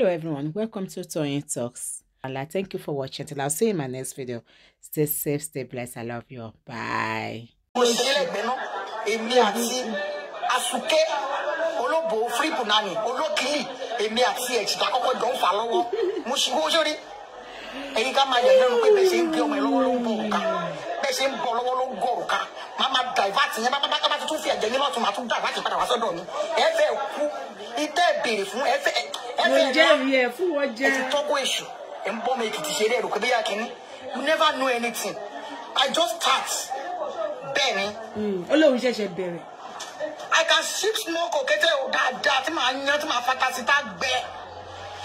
Hello everyone, welcome to Tony Talks. Allah, thank you for watching. Till I'll see you in my next video. Stay safe, stay blessed. I love you. Bye. èmi divert you never know anything i just start bẹ́ẹ̀ ni. ó hmm, lóun ṣẹ̀ṣẹ̀ bẹ̀rẹ̀. i can sip smoke òkété o dáadáa tí màá yan tí màá fatasi tá gbẹ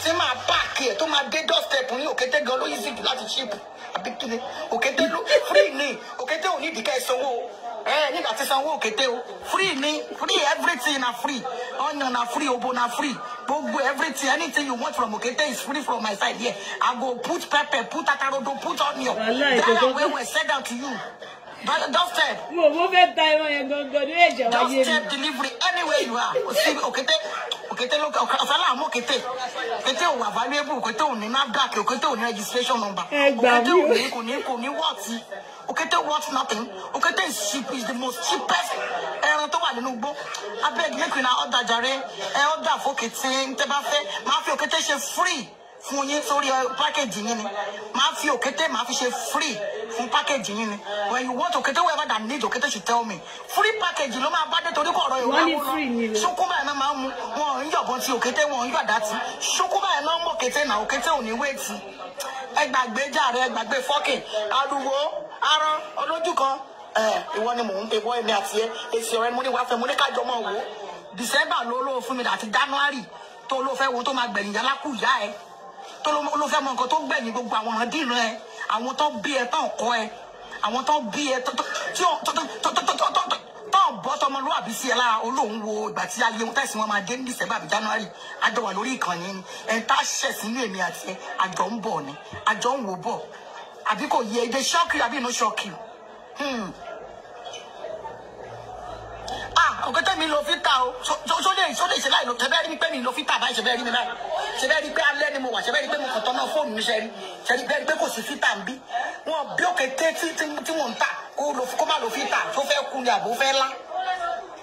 tí màá páàkì ẹ̀ tó máa dé doorstep ní òkété gan ló easy láti chip àbí kíni òkété ló free ni òkété ò ní ìdíkẹ́ ìsanwó ẹ nígbà tí sanwó òkété o free ni free everything na free onion na free obo na free gbogbo everything anything you want from Okete is free from my side here. I go put pepper, put atarodo, put onion. That way we send out to you. But doorstep. Mo mo fẹ́ ta ẹran yẹn gangan ní ẹ̀jẹ̀ wáyé mi. Doorstep delivery anywhere you are. Okete òkété ló ọ̀sálà àmú òkété òkété ò wà valuable òkété ò ní NAFDAC òkété ò ní registration number òkété ò ní kò ní kò ní wọ́ọ̀tì òkété worth nothing òkété is cheap is the most cheapest ẹran tó wà nínú igbó abeg make una order jàre ẹ order fòkété tẹ bá fẹ́ máa fi òkété ṣe free fún yín sórí eh, package yín ni máa fi òkété máa fi ṣe free fún package yín ni when you want òkété whoever that need òkété should tell me free package ló máa bá dé torí kọ̀ọ̀rọ̀ ìwé wọn lọ ṣókúbà ẹ̀ náà mu wọn ń ti òkété wọn ń yọ̀dá ti ṣókúbà ẹ̀ náà mọ̀ òkété náà òkété ò ní wéètì ẹgbàgbé jàre ẹgbàgbé fọ́kìn ariwo arán olójú kan ìwọ ni mò ń pe bọ́ọ̀ mi àti ẹ èsì ọ̀rẹ́ mo ní wàá fẹ́ mo ní kájọ mọ̀ wò December ló lóo fún mi àti January tó ló fẹ́ wo tó máa gbẹ̀yìn yálà kù yá ẹ tó ló fẹ́ mọ nǹkan tó gbẹ̀yìn gbogbo àwọn ọ̀ràn dìran ẹ àwọn tó bí ẹ tó ń kọ́ ẹ àwọn tó bí ẹ tó bọ́ tọmọlúwàbí sí ẹ lára olóhùn wo ìgbà tí ayé wọn tẹ̀sí wọn máa dé ní December àbí January àjọ wà lórí ìkànnì ni ẹ̀ ń tá ṣẹ̀ sínú èmi àti ẹ àjọ ń bọ̀ ni àjọ ń wò bọ̀ àbí kò yẹ ẹ dé ṣọ́ọ̀kì àbí inú ṣọ́ọ̀kì nǹkan tẹ́mi lọ fi ta o sóde sóde ìṣẹ̀lẹ̀ àìlò ṣẹbẹ́ rí mi pé mi lọ fi ta báyìí ṣẹbẹ́ rí mi báyìí ṣẹbẹ́ rí pé alẹ́ ni mo wà ṣẹbẹ́ rí pé mo kàn tán náà fóònù mi ṣe rí ṣẹbẹ́ rí pé kò sí fi ta nbí wọn bí òkè ké tí wọn ń ta kó má lọ fi ta tó fẹ́ kú ni àbò fẹ́ lá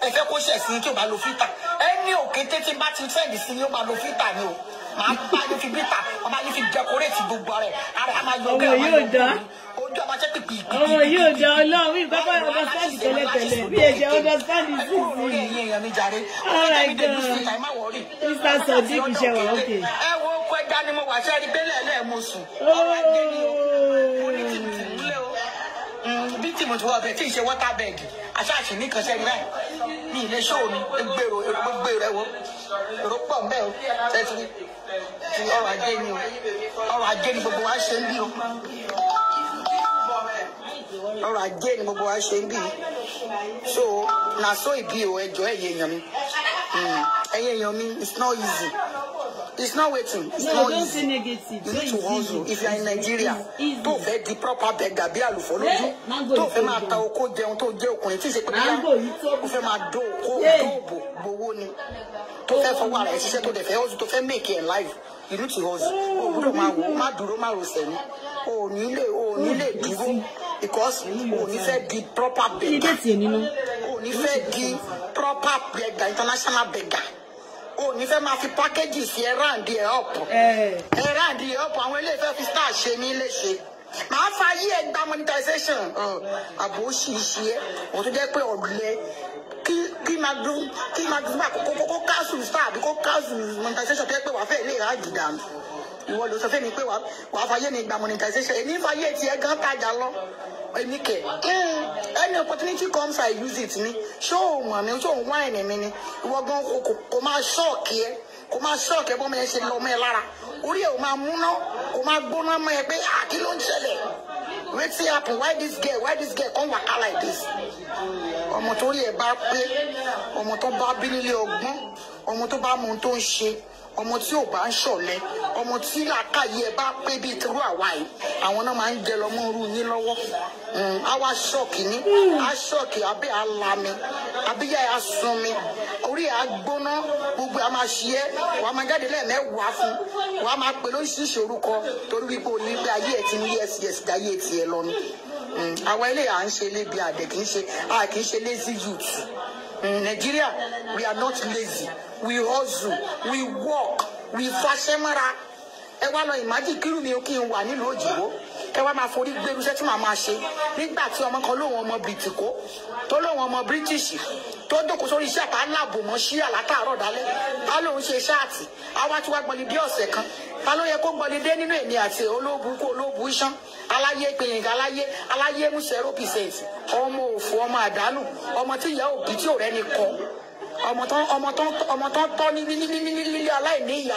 ẹ fẹ́ kó ṣẹ̀ sí tí o bá lọ fi ta ẹ ní òkè té tí n bá ti fẹ́ẹ̀lì sí ni ó máa lọ fi ta ni o màá bá yóò fi bí ta ọmọ yóò fi dẹkọrẹ́tì gbogbo rẹ̀ ara máa yọ ojú àwọn aṣẹ́ pìpì ìpìpì. ọ̀rọ̀ yóò jẹ ọlọ́run bí pápá ọ̀dọ́stáǹdì tẹ́lẹ̀tẹ́lẹ̀ bí ẹ̀jẹ̀ ọ̀dọ́stáǹdì sì sí. orí ẹ̀yìn èèyàn mi jàre. ọ̀rọ̀ ìgbẹ́ mr sadiq ṣe wà ókè. ẹ wo kó ẹja ni mo wà ṣe rí gbélé ẹlẹ́ẹ̀mọ̀sù. ọ̀rọ̀ ẹ̀jẹ̀ ni o ní tìmùtìmù mm, ńlẹ̀ tí ì ṣe wọ́tà bẹ́ẹ̀gì aṣáàṣì ní kan sẹ́yìn ní ilé ṣóò mi gbèrò gbèrò ẹ̀wọ̀ èrò pọ̀ ń bẹ́ẹ̀ o tẹ́tí ọrọ̀ ajé ni o ọrọ̀ ajé ni gbogbo wa ṣe ń bí o ọrọ̀ ajé ni gbogbo wa ṣe ń bì so na so ìbí o ẹjọ́ ẹ̀yẹ èèyàn mi hmm, ẹ̀yẹ èèyàn mi it's not easy it's not waiting it's no, not easy you need to hustle if you are in Nigeria tó fẹ́ di proper beggar bí àlùfọ́ lójú eh, tó fẹ́ máa ta oko jẹun tó jẹ́ ọkùnrin tí ì ṣe pé kó fẹ́ máa dó oko eh. dóòbò gbowó ni tó fẹ́ fọwọ́ ara ẹ̀ ṣiṣẹ́ tó dẹ̀ fẹ́ hustle tó fẹ́ make it in life you need to hustle eh, o gbọ́dọ̀ máa dúró má rò sẹ́yìn o ò ní lè o ò ní lè because kò ní fẹ́ di proper beggar kò ní fẹ́ di proper beggar international beggar Oh, ní fẹ́ máa fi pákéjì sí ẹ̀rán di ẹ̀ ọ̀pọ̀ Here eh. di ẹ̀ up, àwọn ilé ìfẹ́ fi star ṣe ní ilé ṣe màá fa yí ẹ gba monetization àbò ṣìṣì ẹ òun tó jẹ́ pé ọ̀lẹ kí kí máa dún kí máa dún bá kókó kókó káàsù star àbí kókó káàsù monetization tó yẹ pé wàá fẹ́ ilé ìhàjì ìwọ ló sọ fẹ́mi pé wàá fayé mi gba monetization èmi fayé tiẹ̀ gan tajà lọ èmi kẹ̀ any opportunity comes I use it ni ṣé òun àmì ṣé òun wáìnì mi ni ìwọ gan kò máa ṣọ́ọ̀kì ẹ kò máa ṣọ́ọ̀kì ẹ bọ́ mi ẹ ṣe lọ mọ́ ẹ lára orí ẹ ò máa múná kò máa gbóná mọ́ ẹ pé àkí ló ń ṣẹlẹ̀ wetin happen why this girl why this girl come waka like this ọmọ tó rí ẹ bá pé ọmọ tó bá bí nílé ọgbọ́n ọmọ tó bá mọ ohun tó ń ṣe ọmọ tí ò bá ń ṣọ̀lẹ ọmọ tí làákàyè bá pé bíi tirú àwa yìí àwọn náà máa ń jẹ lọmọ rú yín lọ́wọ́ àwa hmm, ṣọ́ọ̀kì ní a ṣọ́ọ̀kì abẹ́ alami abíyá a sun mi orí a gbóná gbogbo a máa ṣe é wà á máa jáde lẹ́ẹ̀mẹ́wàá fún wà á máa pè lóríṣiríṣi orúkọ torí wípé onígbé ayé ẹ̀ ti ń yẹ́sì yẹ́sì dá ayé ẹ̀ tiẹ̀ lọ ni hmm, àwa ilé à ń ṣe lébi àdẹ̀ kì í ṣe à kì í ṣe lazy youth in Nigeria, we are not lazy. We hustle. We walk. We fashemara. Ẹ wá lọ imagine kírù mi ó kí n wà nílùú òjìwó. Ẹ wá máa forí gbèrú iṣẹ́ tí màá máa ṣe. Nígbà tí ọmọ kan lóun ọmọ bìtìkó tó lóun ọmọ British tó dòkó sórí iṣẹ́ àtàlábòmọ́ látàárọ̀ dálẹ́. Á lóun ṣe ṣáàtì. Á wá tí wá gbọ́n ní bí ọ̀sẹ̀ kan. ta ló yẹ kó gbọ́lidé nínú èmi àti olóòbù kó olóòbù alaye aláyé alaye alaye aláyé mú zero ọmọ òfò ọmọ ọmọ tí ni kọ ọmọ tán ọmọ tán ọmọ tán tọ́ ní nílé aláìní ìyá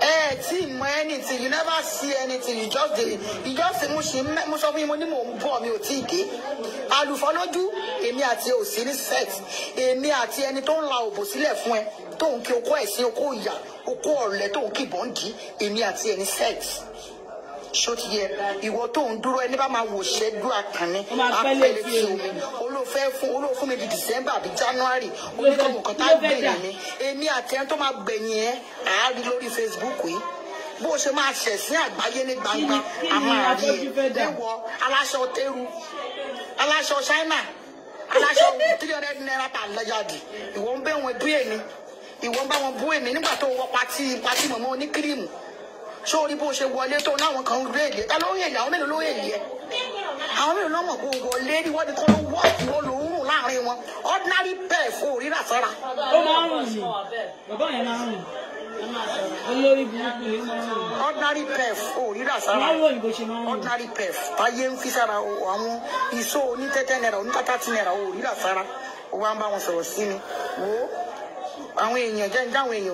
ẹ tí mọ anything you never see anything you just dey you just mo ṣe mẹ mo sọ fún yín mo ní mò ń bọ̀ mi ò tí ì dé alùfọlójú èmi àti òsì ní sex èmi àti ẹni tó ń la òbò sílẹ̀ fún ẹ tó ń kí okó ẹ̀sìn okó ìyà okó ọ̀lẹ tó ń kìbọn dì èmi àti ẹni sex sótìyẹ ìwọ tó ń dúró ẹni bá máa wò ṣẹ́dú àkànní àpẹẹrẹ tí omi olóòfẹ́ fún olóòfún mi di december àbí january oníkọ̀ọ̀kan kan tá a gbẹ̀yìn mi èmi àti ẹni tó máa gbẹ̀yìn ẹ àárí lórí facebook yìí bó ṣe máa ṣẹ̀sìn àgbáyé ní gbangba àmàlàyé ẹ̀wọ̀ aláṣọ tẹ́rù aláṣọ ṣáínà aláṣọ three hundred naira per lọ́yàdì ìwọ ń bẹ́ wọn bú èmi ìwọ ń bá wọn bú èmi nígbà tó wọ pati pati mọ̀mọ́ oníkírìmù. sórí bó ṣe wọlé tó náwọn kan ń gírèdì ẹ ló ń yẹ àwọn mélòó ló yẹ yẹ àwọn mélòó ló mọ̀ kó wọlé ní wọ́n kọ́ ló wọ́ ìwọ ló ń ordinary bẹ́ẹ̀ fún ó máa ń ordinary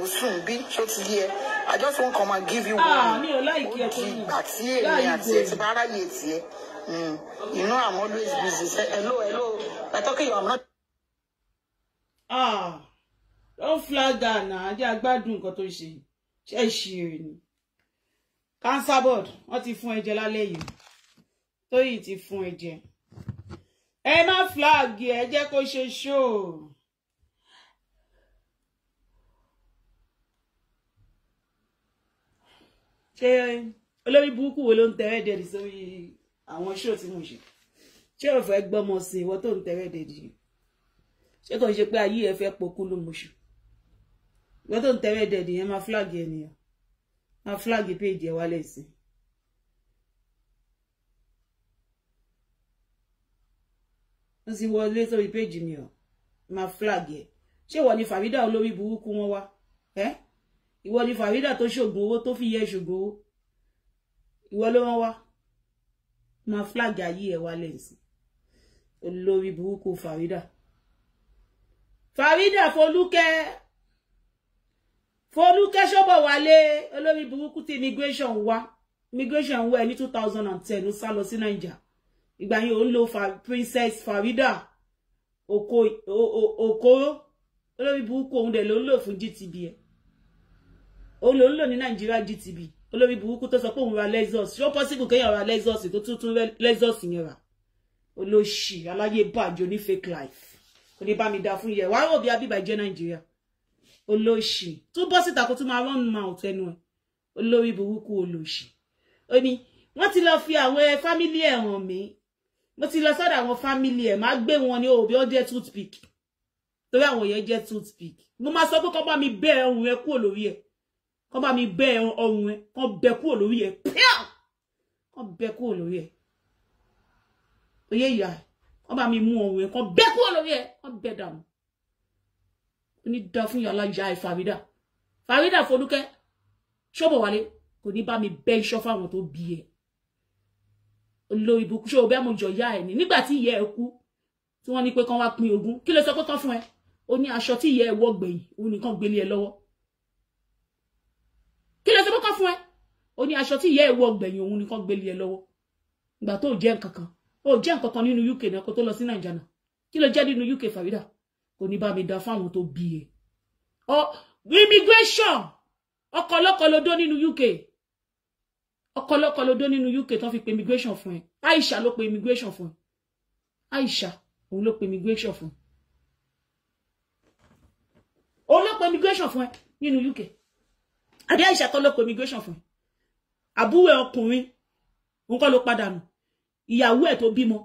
pef I just wan come and give you ah, one. Ah, me láìkí ẹ tó yìí. Ìgbà tí èmi àti ẹ ti bá ráyè hmm. You know I'm always busy. Say hello, hello. By talking you, I'm not. Ah, don't flag down now. Ajé agbádùn nǹkan tó ṣe. Ṣé ẹ ṣe èrè ni? Cancer board, wọ́n ti fún ẹ̀jẹ̀ lálẹ́ yìí. Tóyìn ti fún ẹ̀jẹ̀. Ẹ má flag ẹ jẹ́ show. ṣé olórí burúkú wo ló ń tẹ́rẹ́ dẹ̀dì sórí àwọn ṣó tí mo ṣe ṣé o fẹ́ gbọ́mọ sí ìwọ tó ń tẹ́rẹ́ dẹ̀dì ṣé kò ń ṣe pé ayé ẹ fẹ́ pokú ló mo ṣù ìwọ tó ń tẹ́rẹ́ dẹ̀dì yẹn máa flag ènìyàn máa flag péjì ẹ wálé sí i. sì wọlé sórí péjì mi ọ máa flag ẹ ṣé ìwọ ni fàrídà olórí burúkú wọn wá ẹ. Eh? ìwọ ni Farida tó ṣògùn owó tó fi yẹ ṣògùn owó ìwọ ló wọn wá máa flag ayé ẹ wálé nsìn olórí burúkú Farida Farida Folúkẹ́ Folúkẹ́ Ṣóbọ̀wálé olórí burúkú ti immigration wá immigration wá ẹ ní two thousand and ten ó sá lọ sí Nàìjíríà ìgbà yẹn ò ń lo princess Farida oko oko olórí burúkú òun dẹ̀ ló ń lò fún GTB ẹ olè ń lò ní nàìjíríà gtb olórí burúkú tó sọ pé òun ra lexus ṣé ó possible kéèyàn ra lexus tó tún tún lexus yẹn rà olóṣì aláyé bàjẹ́ oní fake life oníbàmídà fún yẹ wàá rò bí abíbà jẹ́ nàìjíríà olóṣì tún bọ́ síta kó tún máa rán mouth ẹnu ẹ olórí burúkú olóṣì ó ní wọ́n ti lọ fi àwọn fámílì ẹ̀ hàn mí mo ti lọ sọ́dọ̀ àwọn fámílì ẹ̀ máa gbé wọn ní òbí ó jẹ́ toothpick torí àwọn yẹn jẹ́ toothpick mo máa sọ pé kọ́ bá mi bẹ́ẹ̀ ohun ẹ kúrò lórí ẹ̀ kọ́ bá mi bẹ́ ọrùn ẹ kọ́ bẹ kúrò lórí ẹ pẹ́ọ́ kọ́ bẹ kúrò lórí ẹ oyè ìyá ẹ kọ́ mi mú ọrùn ẹ kọ́ bẹ kúrò lórí ẹ kọ́ bẹ dànù ó ní dá fún yàrá ìyá ẹ fàrídà fàrídà fọdúkẹ́ ṣọ́bọ̀ wálé kò ní bá mi bẹ́ iṣọ́ fáwọn tó bí ẹ lo ìbùkún ṣé o bẹ́ mo jọ ìyá ẹ ní nígbà tí ìyá ẹ kú tí wọ́n ní pé kán wá pín ogún kí ló sọ pé kán fún ẹ ó ní aṣọ tí ìyá ẹ wọ̀ gbẹ̀yìn òun nìkan gbélé ẹ lọ́wọ́ ó ní aṣọ tí ìyá ẹ̀ wọ gbẹ̀yìn òun nìkan gbélé ẹ lọ́wọ́ ìgbà tó jẹ́ nǹkan ó jẹ́ nǹkan nínú UK náà kó tó lọ sí nàìjíríà náà kí ló jẹ́ nínú UK Farida kò ní bá mi dá fáwọn tó bí e ọ immigration ọkọ̀ ọlọ́kọ̀ ló dó nínú UK ọkọ̀ ọlọ́kọ̀ ló dó nínú UK tó fi pe immigration fún ẹ Aisha ló pe immigration fún ẹ Aisha òun ló pe immigration fún ẹ òun ló pe immigration fún ẹ nínú UK àdé Aisha tó ló pe immigration fún ẹ àbúrò ọkùnrin òun kọ́ ló padà nù ìyàwó ẹ̀ tó bímọ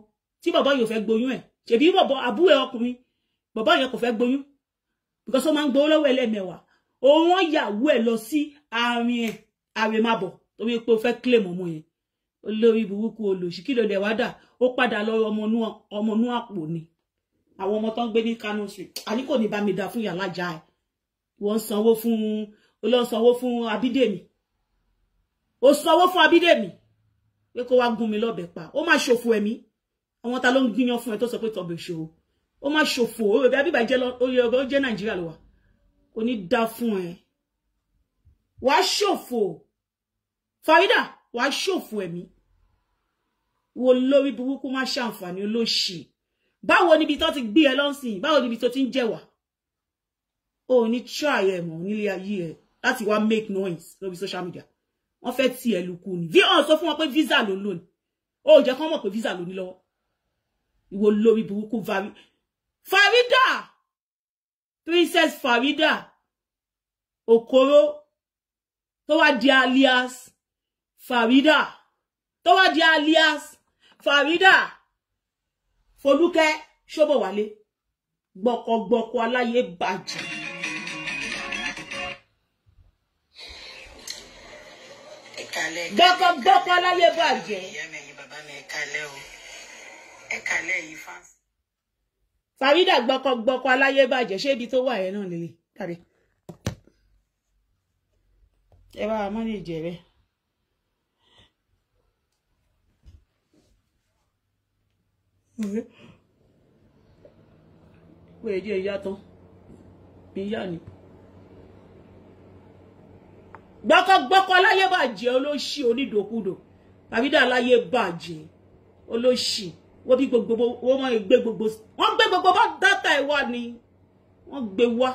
tí bàbá yóò fẹ́ gboyún ẹ̀ ṣèbí bàbá àbúrò ọkùnrin bàbá yẹn kò fẹ́ gboyún because ó máa ń gbowó lọ́wọ́ ẹlẹ́mẹ̀wàá òun yàwó ẹ̀ lọ sí àárín ẹ̀ àrèmábọ̀ tó wí pé ó fẹ́ claim ọmọ yẹn olórí burúkú olòṣì kí ló dẹ̀ wá dà ó padà lọ ọmọ inú àpò ni àwọn ọmọ tó ń gbé ní Kano Street àní ní bá mi dá fún yàrá jà ẹ̀ wọ́n sanwó fún olóńsanwó fún Abídèmí ó sanwó fún Abídèmí pé kó wá gún mi lọ́bẹ pa ó máa ṣòfò ẹ̀mí àwọn ta ló ń gíyan fún ẹ tó sọ pé tọbẹ ṣòro ó máa ṣòfò ó rẹ bí àbíbà jẹ oyè ọgbẹ ó jẹ Nàìjíríà ló wà kò ní dá fún ẹ wàá ṣòfò Farida wàá ṣòfò ẹ̀mí wo lórí burúkú má ṣàǹfààní olóṣì báwo níbi tó ti gbé ẹ lọ́sìn báwo níbi tó ti ń jẹ̀wà o ní try ẹ̀ mọ̀ nílé ayé ẹ láti wá make noise lórí social media wọ́n fait, ti ẹ̀lùkù ni vi on sọ fún wọn pé visa ló ń lò ní ó jẹ́ kán mọ̀ pé visa ló ní lọ́wọ́ ìwọ lórí burúkú vari Farida princess Farida Okoro tó wá di alias Farida tó wá di alias Farida Folúkẹ́ Ṣóbọ̀wálé gbọkọgbọkọ aláyé bàjẹ́. gbọ́kọ́gbọ́kọ́ láyé bàjẹ́. Farida gbọ́kọ́gbọ́kọ́ aláyé bàjẹ́ ṣé ibi tó wà yẹn náà lélẹ̀ tàbí. ẹ bá wa mọ́nì ìjẹ̀rẹ́. wẹ́ẹ̀ jẹ́ ìyá tán ìyá ni gbọ́kọ́gbọ́kọ́ láyé bàjẹ́ olóṣì onídòkúdò pàbídà láyé bàjẹ́ olóṣì wọ́n bí gbogbo wọ́n mọ̀ gbé gbogbo wọ́n gbé gbogbo bá dátà ẹ̀ wá ni wọ́n gbé wá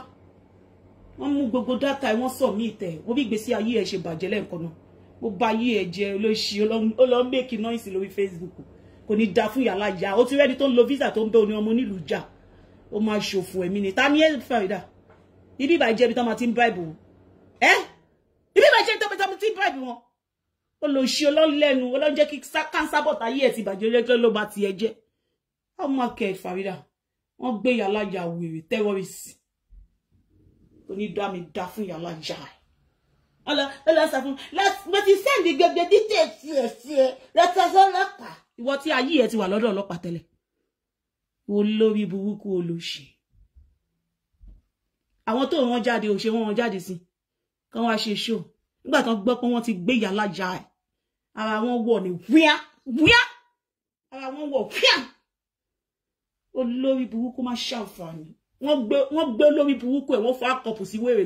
wọ́n mú gbogbo dátà ẹ̀ wọ́n sọ mí tẹ̀ wọ́n bí gbèsè ayé ẹ̀ ṣe bàjẹ́ lẹ́ẹ̀kan náà bó ba ayé ẹ̀ jẹ́ olóṣì ó lọ lórí Facebook kò ní da fún yàrá ìyá ó ti rẹ́ni tó ń lo visa tó ń bẹ́ òní ọmọ onílùú jà ó máa ṣòfò ẹ̀mí ni ta ni ẹ̀ fàrídà ibi ìbàjẹ́ ibi tó máa ti ń báìbù ẹ́ ibi bẹ́ẹ̀ ṣe ń tọ́pẹ́ tọ́pẹ́ tí bribe wọn ó lọ ṣe ọlọ́lẹ́nu ọlọ́jẹ́ kí kánsá bọ̀tà yí ẹ̀ ti bàjẹ́ lẹ́gbẹ́ ló bá tiẹ̀ jẹ́ ọmọ akẹ́ Farida wọ́n gbé yàlájà wèrè tẹ́rọ́rìsì onídàámi dá fún yàlájà ẹ̀ ọlọ ọlọ sọ fún mo ti sẹ́ndì gbe dídé sí ẹ sí ẹ lọ́sọ̀ọ́sọ́ ọlọ́pàá ìwọ tí ayé ẹ ti wà lọ́dọ̀ ọlọ́pàá tẹ́lẹ̀ olórí burúkú olóṣì àwọn tó wọn jáde òṣè wọn jáde sí i kan wá ṣe show nígbà tán gbọ́ pé wọ́n ti gbé ìyá alájà ẹ̀ ara wọn wọ̀ ní wíá wíá ara wọn wọ̀ wíá olórí burúkú má ṣàǹfààní wọ́n gbé olórí burúkú ẹ̀ wọ́n fọ́ àkọ́pù sí wèrè